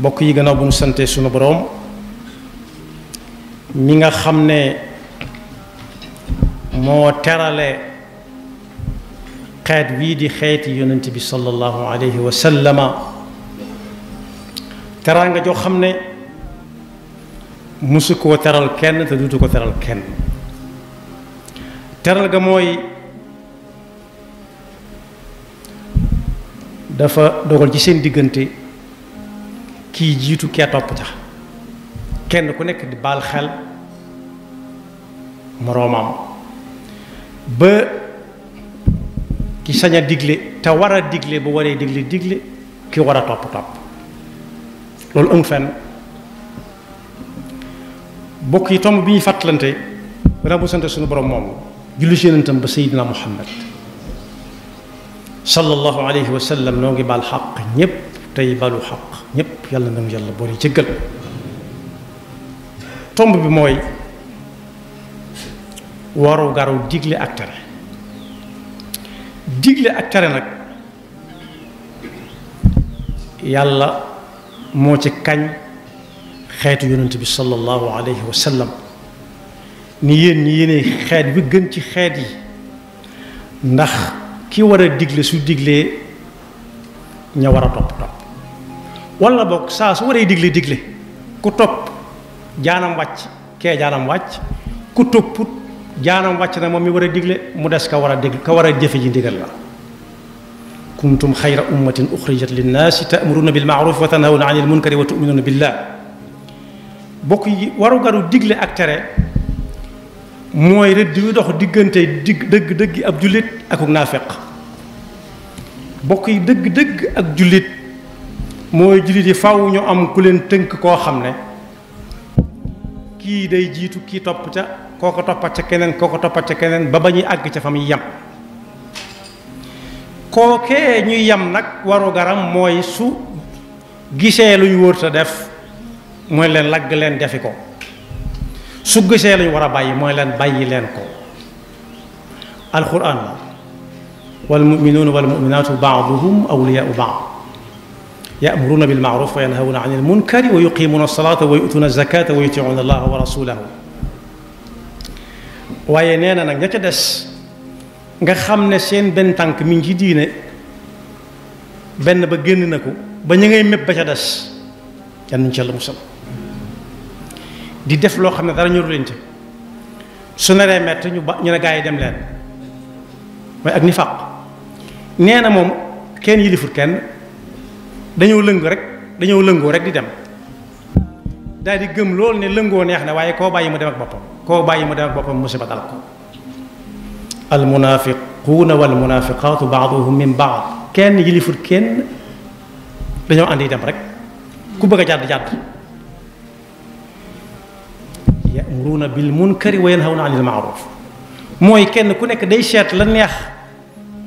mbokk yi gannaaw bu ñu sante sunu boroom mi nga xam ne moo terale xeet wii di xeeti yonent bi sallallahu alayhi wa sallama teraanga joo xam ne musu koo teral kenn te duutu ko teral kenn teral ga mooy dafa dogal ci seen diggante ki jitu ke top tax kenn ku nek di bal xel moromam ba ki saña digle ta wara digle bu waré digle digle ki wara top top topp loolu fen fenn bokk yi tomb bi fatlanté fàttalante sante suñu borom mom julli si ba sayyidina Muhammad sallallahu alayhi wa sallam noo ngi baal xaq ñépp tey balu xaq ñëpp yàlla nañu yàlla boole jëggal tomb bi mooy waru garu digle ak tere digle ak tere nag yàlla moo ci kañ xeetu yonent bi sallallahu alayhi wa sallam ni yéen ñi yéenay xeet bi gën ci xeet yi ndax ki war a digle su diglee ña war a topp topp wala bok sa su waree digle digle ku top janam wàcc ké janam wàcc ku top janam wàcc na moom mi war digle mu dess ka wara a digle ka wara jëfe ji digal la kuntum khayra ummatin ukhrijat lin nas ta'muruna bil ma'ruf wa tanhawna anil munkari wa tuminuna billah bok yi waru garu digle ak tere moy rëdd di dox digënté dig dëgg dëgg ab julit ak naafeq bok yi dëgg dëgg ak julit moy julit yi faaw ñu am ku leen tënk koo xam ne kii day jiitu kii topp ca koo ko toppat ca keneen koo ko toppat ca keneen ba bañuy ñuy àgg ca fam yam yem kookee ñuy yam nag waru garam mooy su gisee lu ñu wërta def mooy leen lagg leen defi ko su gisee lu ñu war a bàyyi mooy leen bàyyi leen ko alquran la wal muminuuna wal baaduhum awliyaau baad يأمرون بالمعروف وينهون عن المنكر ويقيمون الصلاة ويؤتون الزكاة ويطيعون الله ورسوله waaye nee na nag ca des nga xam seen benn tànk mi ngi diine benn ba génn na ba ñu ngay mépp ba ca des yan nañ ca musal di def loo xam dara ñoru leen ca su naree mett ñu ñu ne gaa dem leen mooy ak ni fàq nee kenn yilifut kenn dañoo lëngu rek dañoo lëngoo rek di dem daal di gëm loolu ne lëngoo neex na waaye koo bàyyi mu dem ak boppam koo bàyyi mu dem ak boppam musiba dal ko al munaafiquuna wal munaafiqaatu baaduhum min baad kenn yilifut kenn dañoo ànd yi dem rek ku bëgg a jàdd jàdd yamuruuna bil munkari wa yanhawna anil maaruf mooy kenn ku nekk day seet la neex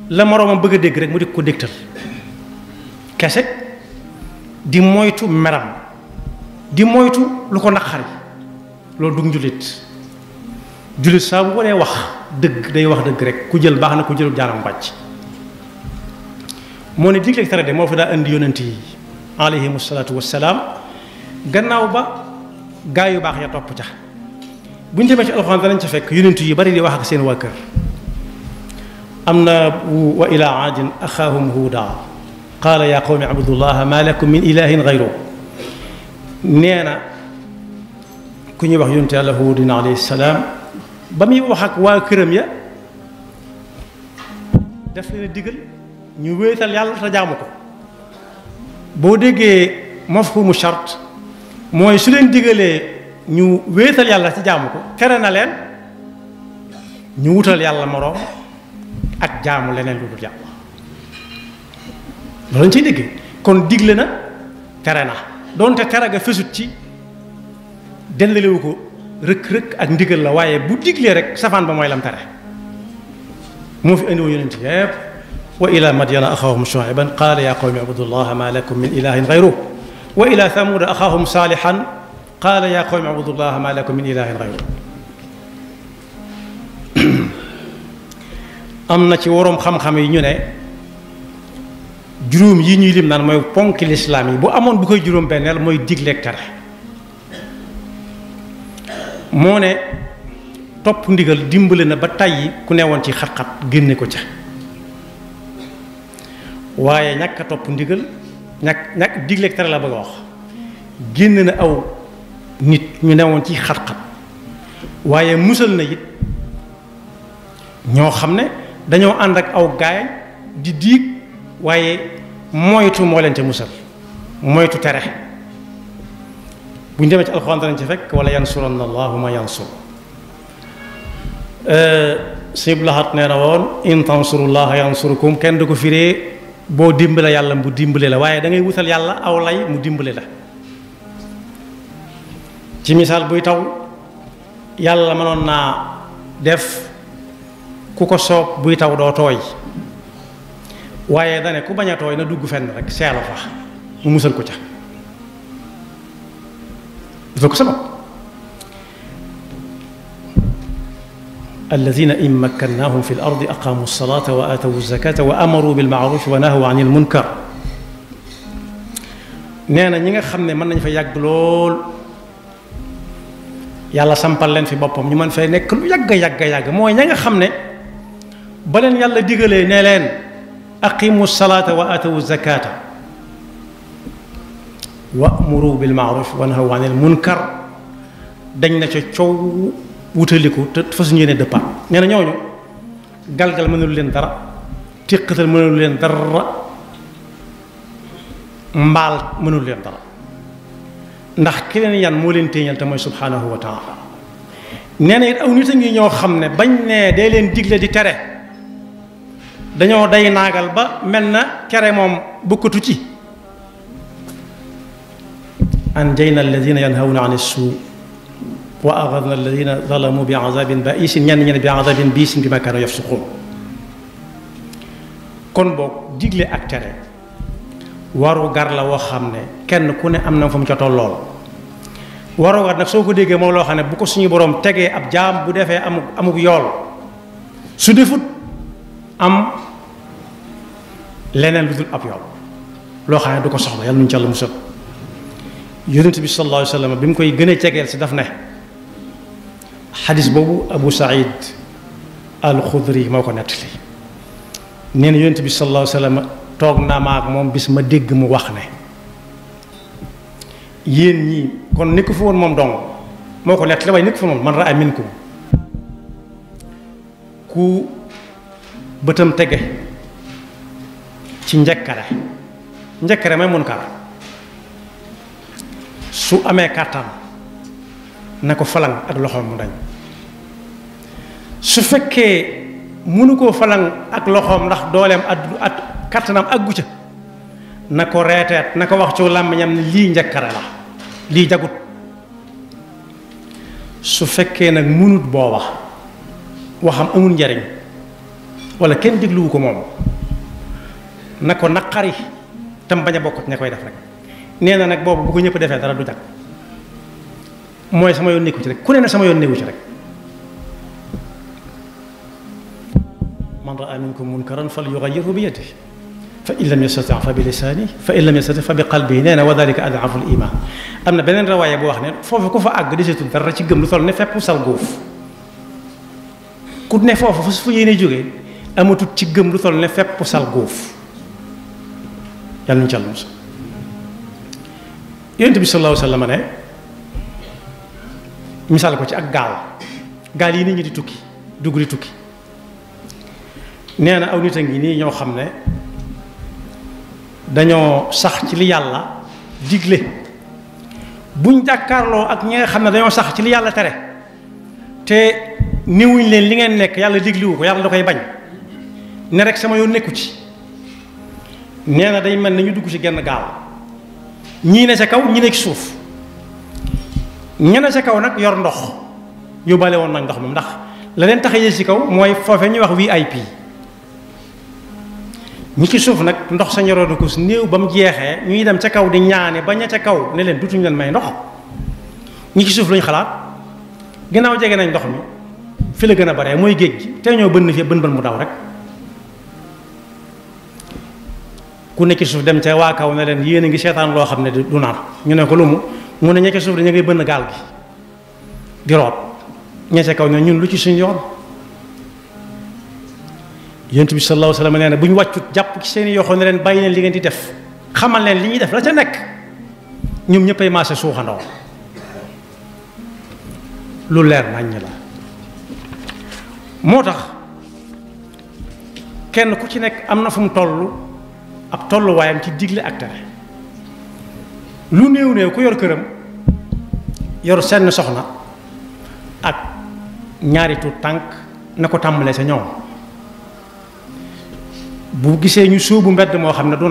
la moroomam bëgg a dégg rek mu di ko dégtal kese di moytu meram di moytu lu ko naqari loolu dug jullit jullit saa bu ko dee wax dëgg day wax dëgg rek ku jël baax na ku jël jaaram bàcc moo ne digleeg tere de moo fa daa indi yonent yi alayhimu salaatu wassalaam gannaaw ba gaa yu baax ya topp ca bu ñu demee ci alxuraan danañ ca fekk yonent yi bari di wax ak seen waa kër am na wa ilaa aadin axaahum huudaa قال يا قوم اعبدوا الله ما لكم من اله غيره نينا كني وخ يونت الله هودنا عليه السلام بامي وخك وا كرم يا داف لينا ديغل ني ويتال يالا تا جامكو بو ديغي مفهوم الشرط موي سولين ديغلي ني ويتال يالا تا جامكو كرنا لين ني ووتال يالا مروم اك جامو لنين لودو جامو loolu lañ ciy déggee kon digle na tere na donte tere ga fësut ci dendalewu ko rëkk-rëkk ak ndigal la waaye bu diglee rek safaan ba mooy lam tere moo fi indiwoon yonent yépp wa ila madyana axaahum shuaiban qaala yaa qawmi abudullaha ma lakum min ilahin gayru wa ila thamuda axaahum saalihan qaala yaa qawmi abudullaha ma lakum min ilahin gayru am na ci waroom xam-xam yi ñu ne juróom yi ñuy lim naan mooy ponk l'islam yi bu amoon bu koy juróom benneel mooy digleeg tere moo ne topp ndigal dimbale na ba tay ku newoon ci xat-xat génne ko ca waaye ñàkk a topp ndigal ñàkk ñàkk digleeg tere la bëgg wax génn na aw nit ñu newoon ci xat waaye musal na it ñoo xam ne dañoo ànd ak aw gaay di diig waaye moytu moo leen ca musal moytu tere bu ñu demee ci alxuraan ci fekk wala yansuranna allahu ma yansur sib laxat nee na woon in tansurullaha yansurukum kenn du ko firee boo dimbale yàlla mu dimbale la waaye da ngay wutal yàlla aw lay mu dimbale la ci misaal buy taw yàlla mënoon naa def ku ko soob buy taw doo tooy waaye dane ku bañ a tooy na dugg fenn rek seelu fa mu musal ko ca dafa ko sabab alladina in makkannahum fi l ardi aqamu lsalata wa aatawu zakata wa amaru bilmaaruf wa nahaw an il munkar nee na ñi nga xam ne mën nañ fa yàgg lool yàlla sampal leen fi boppam ñu mën fay nekk lu yàgg a yàgg a yàgg mooy ña nga xam ne ba leen yàlla digalee ne leen أقيموا الصلاة وآتوا الزكاة وأمروا بالمعروف وانهوا عن المنكر dañ na ca coow wutaliku te fasu ñene de part nee na ñooñu galgal mënul leen dara téqatal mënul leen dara mbaal mënul leen dara ndax ki leen yan moo leen téeñal te mooy subhanahu wa taala nee na it aw nit a ngi ñoo xam ne bañ ne dee leen digle di tere dañoo day naagal ba mel na kere moom bokkatu ci an jayna alladina yanhawna an suu wa axadna alladina zalamu bi azabin baisin ñenn ñenn bi azabin biisin bi ma kaanu kon boog digle ak tere waru gar la woo xam ne kenn ku ne am na fa mu ca tollool waru gar nag soo ko déggee moom loo xam ne bu ko suñu borom tegee ab jaam bu defee amu amuk yool su defut am leneen lu dul ab yool loo xam ne du ko soxla yàlla nuñu ci yàlla musal yonent bi sallallahu alayhi bi mu koy gën a si daf ne xadis boobu Abu Saïd al-Khudri moo ko nettali nee na yonent bi sallallahu alayhi wa toog naa ma ak moom bis ma dégg mu wax ne yéen ñii kon nekk fa woon moom dong moo ko nettali waaye nekk fa moom man raa minkum ku bëtam tege ci njëkkare njëkkare may mun kar su amé katam na ko falang ak loxom mu dañ su fekke munu ko falang ak loxom ndax ad at katanam ak gucca nako ko nako na ko wax ci làmmiñam ñam li njëkkare la li jagut su fekke nag munut wax waxam amun wala kenn dégluwu ko moom na ko naqari tam bañ a bokk ña koy def rek nee na nag boobu bu ko ñëpp defee dara du jàkk mooy sama yoon nekku ci rek ku ne na sama yoon nekku ci rek man raa minkum munkaran falyughayyirhu yugayyirhu bi yadihi fa in lam yastati fa bi lisaani fa in lam yastati fa bi qalbi nee wa dhalika adafu al iman amna benen rawaya bo wax ne fofu ku fa àgg desetul dara ci gëm lu toll ne fepp sal góof ku ne fofu fa su fa yéene jógee amatut ci gëm lu tol ne fepp sal goof yalla ñu jallu musa yonent bi sallallahu alayhi wasallam ne misal ko ci ak gaal gaal yi ni ñi di tukki dugg di tukki neena aw nit ak ni ñoo xamne dañoo sax ci li yalla digle buñ jakarlo ak ñi nga xamne dañoo sax ci li yalla téré te niwuñ leen li ngeen yalla yàlla wu ko yalla da koy bañ ne rek sama yoon nekku ci nee na day mel ne ñu dugg ci genn gaaw ñii ne sa kaw ñii nekk ci suuf ña ne ca kaw nag yor ndox yóbbaale woon nag ndox moom ndax la leen tax a yées ci kaw mooy foofe ñuy wax VIP ñi ci suuf nag ndox sa ñoroon ko si néew ba mu jeexee ñuy dem ca kaw di ñaane ba ña kaw ne leen dutuñu leen may ndox ñi ci suuf lañu xalaat ginnaaw jege nañ ndox mi fi la gën a bare mooy géej gi te ñoo bënn fii bën bën mu daw rek. ku nekk suuf dem ca waa kaw ne leen yéen a ngi seetaan loo xam ne du naan ñu ne ko lu mu mu ne ña suuf dañu ngay bënn gaal gi di root ña ca kaw ne ñun lu ci suñ yoon yonent bi sallallahu alayhi wa sallam nee wàccut jàpp ci seen i ne leen li ngeen di def xamal leen li ñuy def la ca nekk ñoom ñëppay suuxandoo lu leer la moo kenn ku ci nekk am na fu ab tolluwaayam ci digle ak tere lu néew néew ku yor këram yor seen soxna ak ñaari tuut tànk na ko tàmbalee sa ñoom bu gisee ñu suubu mbedd moo xam ne du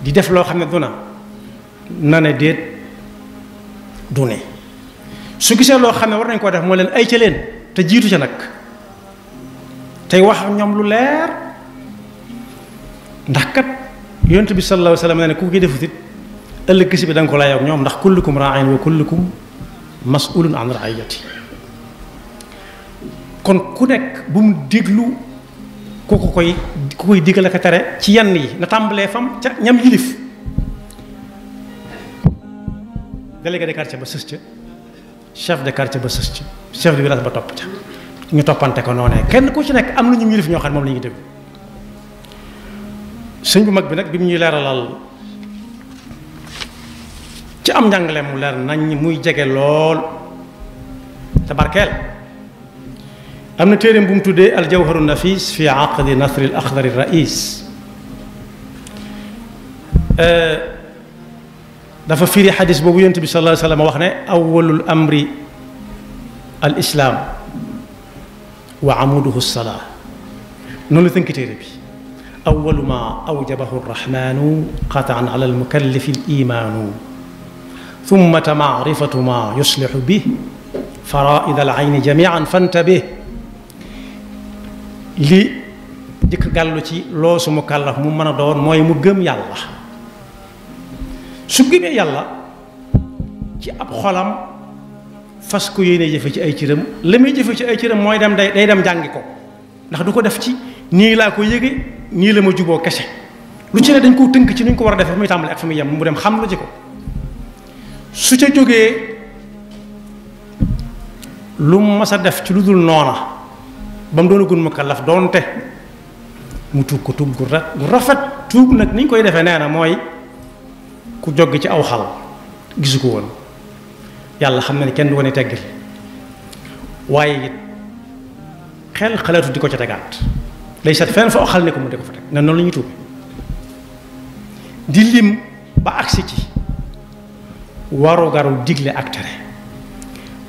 di def loo xam ne du na ne déet du ne su gisee loo xam ne war nañ koo def moo leen ay ca leen te jiitu ca nag tey wax ñoom lu leer ndax kat yonent bi sallallahu alayhi wa sallam na ku ko defut it ëllëg gis bi da nga ko lay ak ñoom ndax kullukum raain wa kullukum masulun an raayati kon ku nekk bu mu déglu ku ko koy ku koy digal ak a tere ci yenn yi na tàmbalee fam ca ñam yilif délégué de quartier ba sës ca chef de quartier ba sës ca chef de village ba topp ca ñu toppante ko noonee kenn ku ci nekk am na ñu yilif ñoo xam moom la ñuy déglu sëñ bu mag bi nag bi mu ñuy leeralal ci am njàngale mu leer nañ muy jege lool te barkeel am na téeréem bu mu tuddee aljawharu nafis fi aqdi nasri al axdari rais dafa firi xadis boobu yonent bi sallallahu alayhi wa sallam wax ne awwalul amri al islam wa amuduhu salaa noonu la tënk téere bi أول ما أوجبه الرحمن قطعا على المكلف الإيمان ثم معرفة ما يصلح به فرائض العين جميعا فانتبه li dikk gàllu ci loo su mu kàllaf mu mën a doon mooy mu gëm yàlla su gëmee yàlla ci ab xolam fas ko yéene jëfe ci ay cëram la muy jëfe ci ay cëram mooy dem day day dem jàngi ko ndax du ko def ci nii laa ko yëge nii la ma juboo kese lu ci ne dañ koo tënk ci nuñ ko war a defee muy tàmbali ak fi muy yem mu dem xam lu ci ko su ca jógee lu mu mas a def ci lu dul noona ba mu doon gun mu kallaf doonte mu tuub ko tuub gu rafet tuub nag niñ koy defee nee na mooy ku jogg ci aw xal gisu ko woon yàlla xam na ne kenn du ko ne teggil waaye it xel xalaatu di ko ca tegaat lay sat fenn fa xal ne ko mu de ko fa teg ne noonu la ñuy tuube di lim ba agsi ci waru garu digle ak tere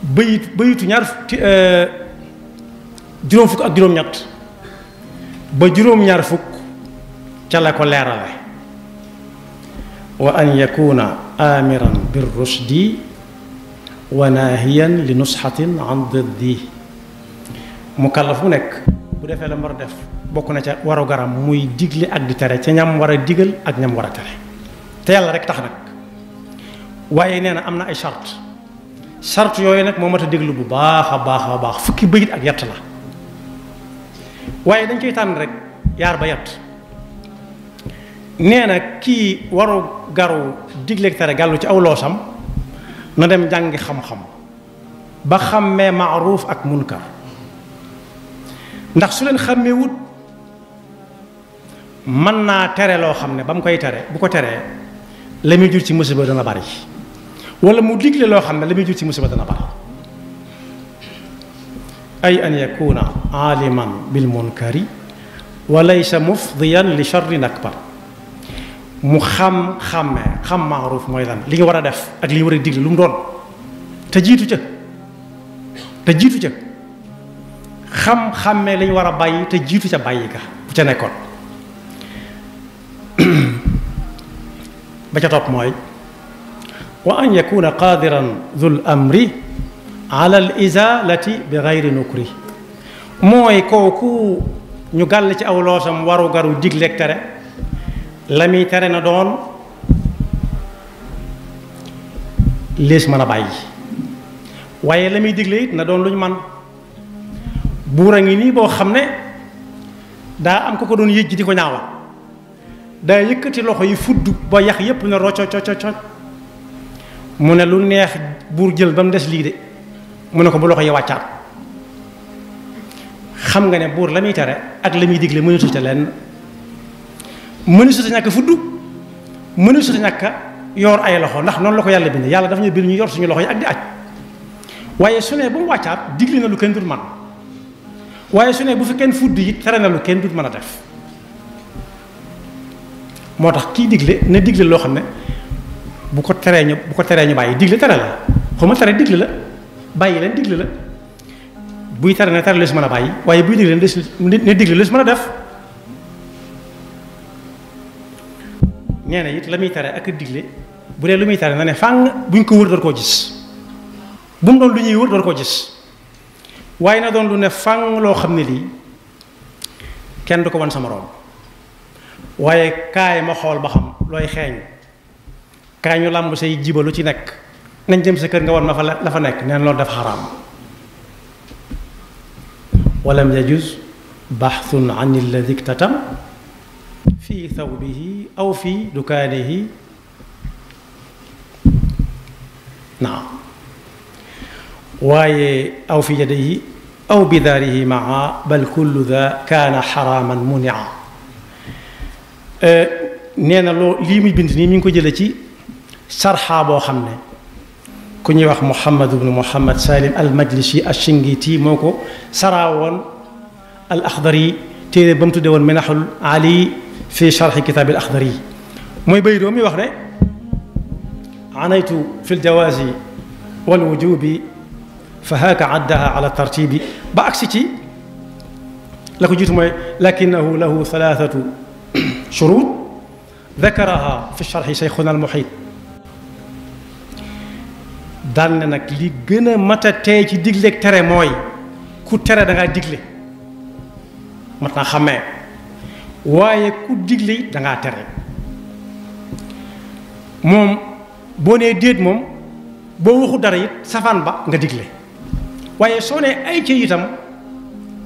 bayit bayitu ñaar juróom fukk ak juróom-ñett ba juróom-ñaar fukk ca la ko leerale wa an yakuna amiran bir rushdi wa naahiyan li nusxatin an diddi mukallaf bu nekk bu defee la mbar def bokk na ca waru garam muy digle ak di tere ca ñam war a digal ak ñam war a tere te yàlla rek tax nag waaye nee na am na ay charte charte yooyu nag moo mat a déglu bu baax a baax a baax fukki bëyit ak yatt la waaye dañ koy tànn rek yaar ba yatt nee na kii waru garu digleeg tere gàllu ci aw loosam na dem jàngi xam-xam ba xàmmee maaruuf ak munkar ndax su leen xàmmee wut man naa tere loo xam ne ba mu koy tere bu ko teree la muy jur ci musiba dana bari wala mu digle loo xam ne la muy jur ci musiba dana bari ay an yakuna aliman bil munkari wa laysa mufdiyan li sharri nakbar mu xam xàmmee xam maaruf mooy lan li nga war a def ak li nga war a digle lu mu doon te jiitu ca te jiitu ca xam-xàmmee li ñu war a bàyyi te jiitu ca bàyyi ka bu ca nekkoon بكتاب موي وأن يكون قادرا ذو الأمر على الإزالة بغير نكري موي كوكو نقال أو لوسم وارو غارو ديك لكتر لمي ترين دون ليس مانا باي waye lamuy digle it na doon luñu man buur a ngi nii boo xam ne daa am ko ko doon yëjj di ko ñaawal daa yëkëti loxo yi fudd ba yax yépp ne roco coco co mu ne lu neex buur jël ba mu des lii de mu ne ko bu loxo yi wàccaat xam nga ne buur la muy tere ak la muy digle mënu suta lenn mënu suta ñàkk fudd mënu suta ñàkk yor ay loxo ndax noonu la ko yàlla bind yàlla daf ñu bind ñu yor suñu loxo yi ak di aj waaye su ne bu mu wàccaat digle na lu kenn dul man waaye su ne bu fi kenn fudd yi tere na lu kenn dul mën a def motax ki diglé digle diglé digle xamné Bukot bu ko teree ñu bu ko teree ñu bàyyi digle tere la xuma téré digle la bayyi leen digle la buy tere ne tere lees mën a bàyyi buy diglé ne digle lees mëna def néna na lamuy téré ak digle bu dé lu muy na ne fang buñ ko wër door ko gis bu mu doon lu ñuy wër door ko gis waye na doon lu ne fang lo xamné li kenn du ko won sama rom waaye kaay ma xool ba xam looy xeeñ kaay ñu làmb say jiba lu ci nekk nañ jëm sa kër nga won ma fa la fa nekk neen loolu dafa xaraam walam yajuz baxthun an alladi iktatam fi thawbihi aw fi dukanihi naam waaye aw fi yadihi aw bidaarihi maa bal kullu dha kaana xaraaman munia nee na loo lii muy bind nii mi ngi ko jëlee ci sarxaa boo xam ne ku ñuy wax Muhammad ibnu Muhammad Salim al Majlisi al Shingiti moo ko saraawoon al Axdari téere ba mu tuddee woon Minaxul Ali fi sharxi kitaabi al Axdari mooy bay doom mi wax ne anaytu fi ljawaazi wal wujubi fa haaka addaha ala tartibi ba agsi ci la ko jiitu mooy lakinahu lahu thalathatu شروط ذكرها في الشرح شيخنا المحيط daal ne nag li gën a mat a tey ci digleeg tere mooy ku tere da digle mat naa xamee waaye ku digle da ngaa tere moom boo nee déet moom boo waxu dara yi safaan ba nga digle waaye soo nee ay ci itam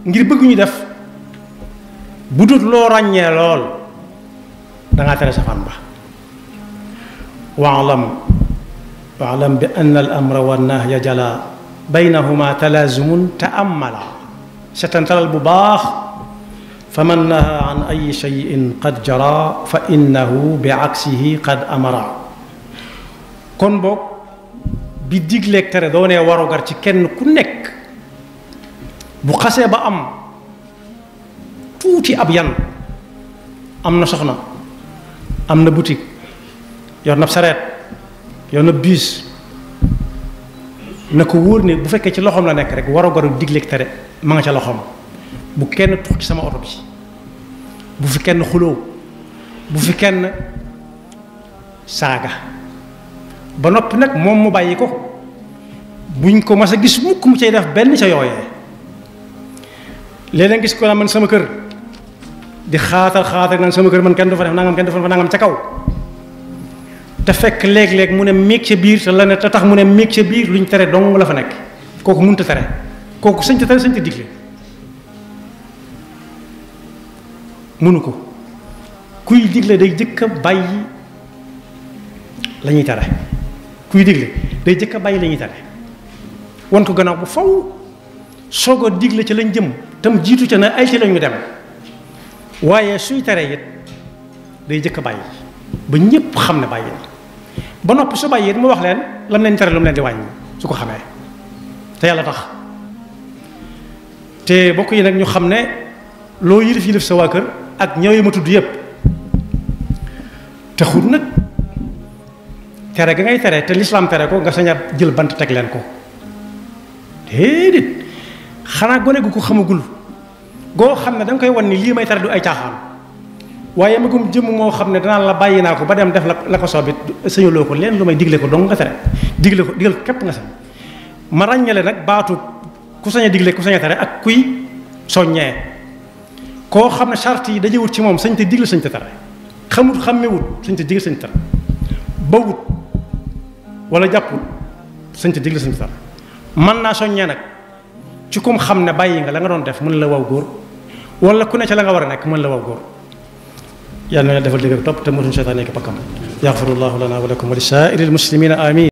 ngir bëgguñu def bu dut loo ràññee lool da nga tere sa fan ba wa alam wa alam bi anna al amra wa nahya jala baynahuma talaazumun taamala setantalal bu bax faman naha an ay shay'in qad jara fa innahu bi aksihi qad amara kon bok bi diglé tere do né waro gar ci kenn ku nek bu xasse ba am touti ab yan amna soxna am na boutique yor na sareet yor na bus na ko wóor ne bu fekkee ci loxoom la nekk rek war a goru digleeg tere ma nga ca loxoom bu kenn tux ci sama oto bi bu fi kenn xuloo bu fi kenn saaga ba noppi nag moom mu bàyyi ko buñ ko mas a gis mukk mu cay def benn sa yooyee léeg-léeg gis ko naa man sama kër di xaatal xaatar naan sama kër man kenn du fa def nangam kenn du fa nangam ca kaw te fekk léeg-léeg mu ne méeg ca biir te la ne te tax mu ne méeg ca biir luñ tere dong la fa nekk kooku mënut a tere kooku sëñ ta tere sëñ ta digle mënu ko kuy digle day jëkk a bàyyi lañuy ñuy tere day jëkk a bàyyi la ñuy tere wan ko gannaaw bu faw soog digle ci lañ jëm tam jiitu ca na ay ci la dem waaye suy tere it day jëkk a bàyyi ba ñëpp xam ne bàyyi ba noppi su bàyyi it mu wax leen lam leen tere lu mu leen di wàññi su ko xamee te yàlla tax te bokk yi nag ñu xam ne loo yilif yilif sa waa kër ak ñëw yi ma tudd yëpp taxul nag tere ga ngay tere te lislaam tere ko nga sañ a jël bant teg leen ko déedéet xanaa gone gu ko xamagul go xamne dang koy wan ni li may tere du ay caaxaan waye magum jëm mo xamne dana la bayina ko ba dem def la ko sobit señu ko len lumay may digle ko dong nga tare digle ko digal kep nga sañ ma ràññale nak baatu ku saña diglé digle ku saña tare ak kuy soñé ko xamne ne charte yi dajewut ci mom señ te digle señ te tare xamut xàmmewut señ te digle señ tare bawut wala jappul señ te digle señ tare man na soñé nak ci kum xamne bayyi nga la nga don def mun la waw gor wala ku ne ca la nga war a nekk mën la waw góor yàlla na defal dëgg ak topp te mosuñu seytaan nekk pakkam yaxfirullahu lana wa lakum wa li saa'iril muslimina amin